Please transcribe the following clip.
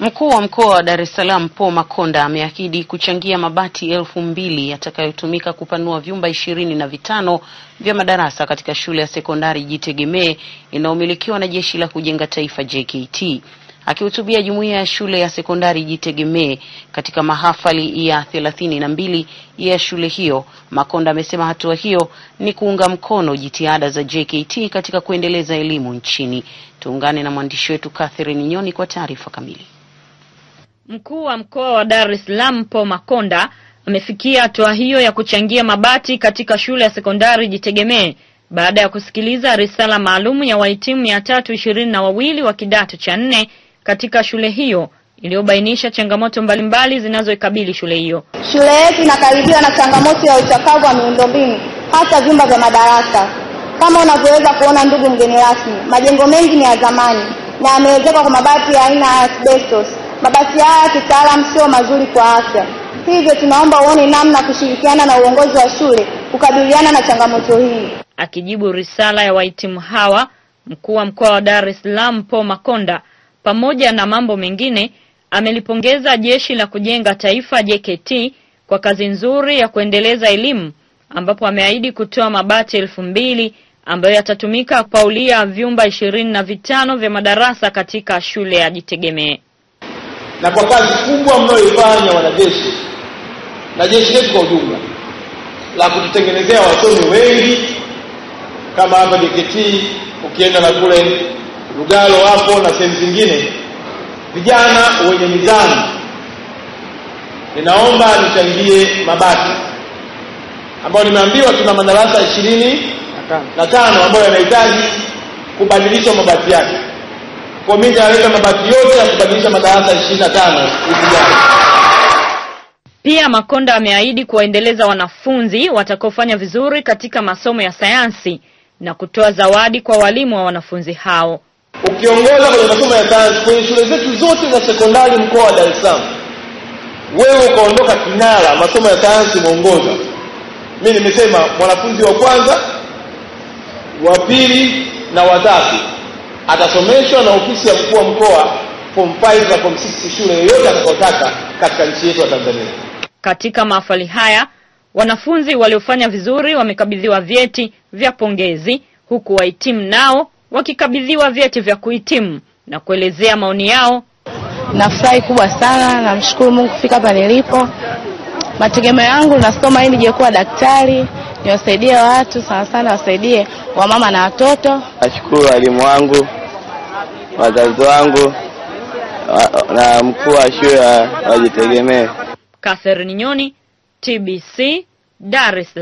Mkuu wa mkoa wa Dar es Salaam Paul Makonda ameahidi kuchangia mabati elfu mbili yatakayotumika kupanua vyumba ishirini na vitano vya madarasa katika shule ya sekondari Jitegemee inayomilikiwa na Jeshi la Kujenga Taifa JKT. Akihutubia jumuiya ya shule ya sekondari Jitegemee katika mahafali ya thelathini na mbili ya shule hiyo, Makonda amesema hatua hiyo ni kuunga mkono jitihada za JKT katika kuendeleza elimu nchini. Tuungane na mwandishi wetu Catherine Nyoni kwa taarifa kamili. Mkuu wa mkoa wa Dar es Salaam Paul Makonda amefikia hatua hiyo ya kuchangia mabati katika shule ya sekondari Jitegemee baada ya kusikiliza risala maalum ya wahitimu mia tatu ishirini na wawili wa kidato cha nne katika shule hiyo iliyobainisha changamoto mbalimbali zinazoikabili shule hiyo. Shule yetu inakaribiwa na changamoto ya uchakavu wa miundombinu hasa vyumba vya madarasa. Kama unavyoweza kuona, ndugu mgeni rasmi, majengo mengi ni ya zamani na yameezekwa kwa mabati ya aina ya asbestos Mabasi haya kitaalamu sio mazuri kwa afya, hivyo tunaomba uone namna kushirikiana na uongozi wa shule kukabiliana na changamoto hii. Akijibu risala ya wahitimu hawa, mkuu wa mkoa wa Dar es Salaam Paul Makonda, pamoja na mambo mengine, amelipongeza Jeshi la Kujenga Taifa JKT kwa kazi nzuri ya kuendeleza elimu, ambapo ameahidi kutoa mabati elfu mbili ambayo yatatumika kupaulia vyumba ishirini na vitano vya madarasa katika shule ya Jitegemee na kwa kazi kubwa mnayoifanya wanajeshi na jeshi letu kwa ujumla la kututengenezea wasomi wengi kama hapa JKT ukienda na kule Lugalo hapo na sehemu zingine, vijana wenye mizani. Ninaomba nichangie mabati ambayo nimeambiwa tuna madarasa ishirini na tano ambayo yanahitaji kubadilishwa mabati yake komiti anaweka mabaki yote ya kubadilisha madarasa ishirini na tano pia Makonda ameahidi kuwaendeleza wanafunzi watakaofanya vizuri katika masomo ya sayansi na kutoa zawadi kwa walimu wa wanafunzi hao. Ukiongoza kwenye masomo ya sayansi kwenye shule zetu zote za sekondari mkoa wa Dar es Salaam, wewe ukaondoka kinara masomo ya sayansi umeongoza. Mimi nimesema mwanafunzi wa kwanza, wa pili na watatu atasomeshwa na ofisi ya mkuu wa mkoa form 5 na form 6 shule yoyote atakayotaka katika nchi yetu ya Tanzania. Katika mahafali haya wanafunzi waliofanya vizuri wamekabidhiwa vyeti vya pongezi, huku wahitimu nao wakikabidhiwa vyeti vya kuhitimu na kuelezea maoni yao. Nafurahi kubwa sana, namshukuru Mungu kufika hapa nilipo. Mategemeo yangu nasoma hii nije kuwa daktari, niwasaidie watu sana sana, wasaidie wamama na watoto. Nashukuru walimu wangu wazazi wangu na mkuu wa shule wajitegemee. Catherine Nyoni, TBC, Dar es Salaam.